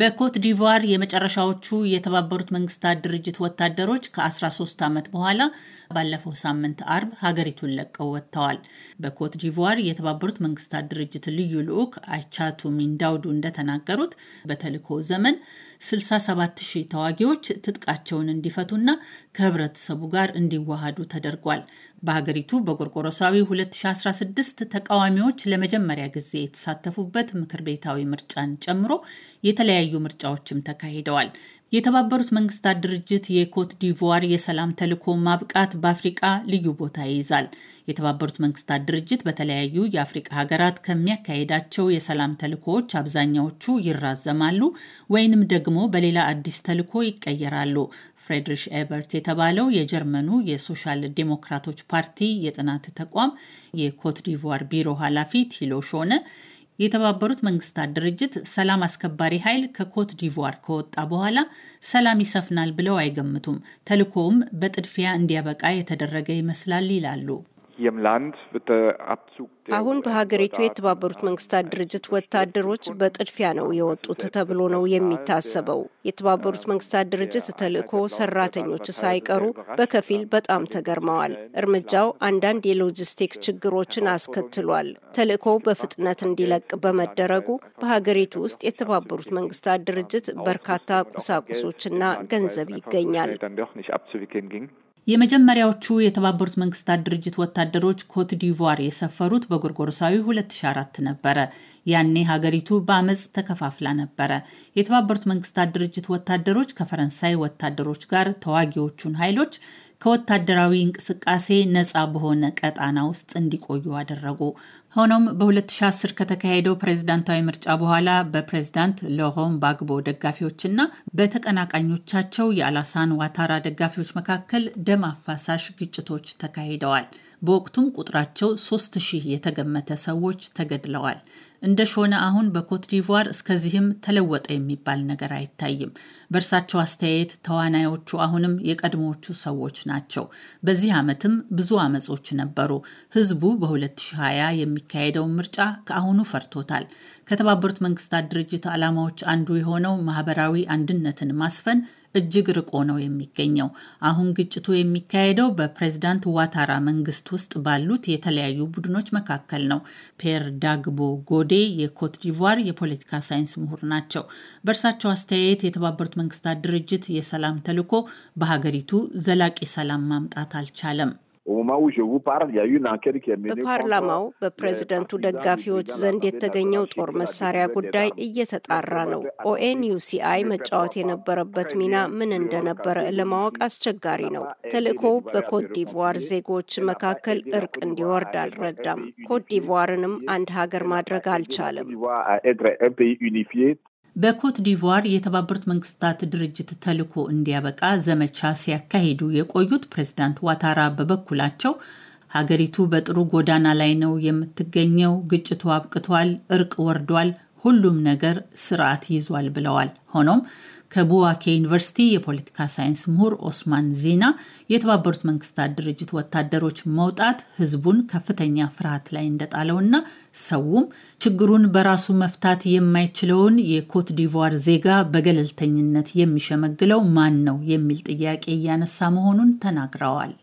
በኮት ዲቫር የመጨረሻዎቹ የተባበሩት መንግስታት ድርጅት ወታደሮች ከ13 ዓመት በኋላ ባለፈው ሳምንት አርብ ሀገሪቱን ለቀው ወጥተዋል። በኮት ዲቫር የተባበሩት መንግስታት ድርጅት ልዩ ልዑክ አይቻቱ ሚንዳውዱ እንደተናገሩት በተልእኮ ዘመን 67 ሺህ ተዋጊዎች ትጥቃቸውን እንዲፈቱና ከህብረተሰቡ ጋር እንዲዋሃዱ ተደርጓል። በሀገሪቱ በጎርጎሮሳዊ 2016 ተቃዋሚዎች ለመጀመሪያ ጊዜ የተሳተፉበት ምክር ቤታዊ ምርጫን ጨምሮ የተለያዩ የተለያዩ ምርጫዎችም ተካሂደዋል። የተባበሩት መንግስታት ድርጅት የኮት ዲቮር የሰላም ተልዕኮ ማብቃት በአፍሪቃ ልዩ ቦታ ይይዛል። የተባበሩት መንግስታት ድርጅት በተለያዩ የአፍሪቃ ሀገራት ከሚያካሄዳቸው የሰላም ተልዕኮዎች አብዛኛዎቹ ይራዘማሉ ወይንም ደግሞ በሌላ አዲስ ተልዕኮ ይቀየራሉ። ፍሬድሪሽ ኤበርት የተባለው የጀርመኑ የሶሻል ዴሞክራቶች ፓርቲ የጥናት ተቋም የኮት ዲቮር ቢሮ ኃላፊ ቲሎ ሾነ የተባበሩት መንግስታት ድርጅት ሰላም አስከባሪ ኃይል ከኮት ዲቮር ከወጣ በኋላ ሰላም ይሰፍናል ብለው አይገምቱም። ተልእኮውም በጥድፊያ እንዲያበቃ የተደረገ ይመስላል ይላሉ። አሁን በሀገሪቱ የተባበሩት መንግስታት ድርጅት ወታደሮች በጥድፊያ ነው የወጡት ተብሎ ነው የሚታሰበው። የተባበሩት መንግስታት ድርጅት ተልእኮ ሰራተኞች ሳይቀሩ በከፊል በጣም ተገርመዋል። እርምጃው አንዳንድ የሎጂስቲክ ችግሮችን አስከትሏል። ተልእኮው በፍጥነት እንዲለቅ በመደረጉ በሀገሪቱ ውስጥ የተባበሩት መንግስታት ድርጅት በርካታ ቁሳቁሶችና ገንዘብ ይገኛል። የመጀመሪያዎቹ የተባበሩት መንግስታት ድርጅት ወታደሮች ኮት ዲቯር የሰፈሩት በጎርጎርሳዊ 2004 ነበረ። ያኔ ሀገሪቱ በአመፅ ተከፋፍላ ነበረ። የተባበሩት መንግስታት ድርጅት ወታደሮች ከፈረንሳይ ወታደሮች ጋር ተዋጊዎቹን ኃይሎች ከወታደራዊ እንቅስቃሴ ነፃ በሆነ ቀጣና ውስጥ እንዲቆዩ አደረጉ። ሆኖም በ2010 ከተካሄደው ፕሬዝዳንታዊ ምርጫ በኋላ በፕሬዝዳንት ሎሆን ባግቦ ደጋፊዎችና በተቀናቃኞቻቸው የአላሳን ዋታራ ደጋፊዎች መካከል ደም አፋሳሽ ግጭቶች ተካሂደዋል። በወቅቱም ቁጥራቸው 3000 የተገመተ ሰዎች ተገድለዋል። እንደ ሾነ አሁን በኮትዲቯር እስከዚህም ተለወጠ የሚባል ነገር አይታይም። በእርሳቸው አስተያየት ተዋናዮቹ አሁንም የቀድሞዎቹ ሰዎች ናቸው። በዚህ ዓመትም ብዙ አመጾች ነበሩ። ህዝቡ በ2020 የሚካሄደውን ምርጫ ከአሁኑ ፈርቶታል። ከተባበሩት መንግስታት ድርጅት ዓላማዎች አንዱ የሆነው ማህበራዊ አንድነትን ማስፈን እጅግ ርቆ ነው የሚገኘው። አሁን ግጭቱ የሚካሄደው በፕሬዝዳንት ዋታራ መንግስት ውስጥ ባሉት የተለያዩ ቡድኖች መካከል ነው። ፔር ዳግቦ ጎዴ የኮት ዲቯር የፖለቲካ ሳይንስ ምሁር ናቸው። በእርሳቸው አስተያየት የተባበሩት መንግስታት ድርጅት የሰላም ተልዕኮ በሀገሪቱ ዘላቂ ሰላም ማምጣት አልቻለም። au moment où je vous parle, il y a eu une enquête qui est menée በፓርላማው euh, በፕሬዝደንቱ ደጋፊዎች ዘንድ የተገኘው ጦር መሳሪያ ጉዳይ እየተጣራ ነው። ኦኤንዩሲአይ መጫወት የነበረበት ሚና ምን እንደነበረ ለማወቅ አስቸጋሪ ነው። ተልእኮው በኮትዲቯር ዜጎች መካከል እርቅ እንዲወርድ አልረዳም። ኮትዲቯርንም አንድ ሀገር ማድረግ አልቻለም። በኮት ዲቯር የተባበሩት መንግስታት ድርጅት ተልዕኮ እንዲያበቃ ዘመቻ ሲያካሂዱ የቆዩት ፕሬዝዳንት ዋታራ በበኩላቸው ሀገሪቱ በጥሩ ጎዳና ላይ ነው የምትገኘው፣ ግጭቱ አብቅቷል፣ እርቅ ወርዷል፣ ሁሉም ነገር ስርዓት ይዟል ብለዋል። ሆኖም ከቡዋኬ ዩኒቨርሲቲ የፖለቲካ ሳይንስ ምሁር ኦስማን ዚና የተባበሩት መንግስታት ድርጅት ወታደሮች መውጣት ህዝቡን ከፍተኛ ፍርሃት ላይ እንደጣለውና ሰውም ችግሩን በራሱ መፍታት የማይችለውን የኮት ዲቯር ዜጋ በገለልተኝነት የሚሸመግለው ማን ነው የሚል ጥያቄ እያነሳ መሆኑን ተናግረዋል።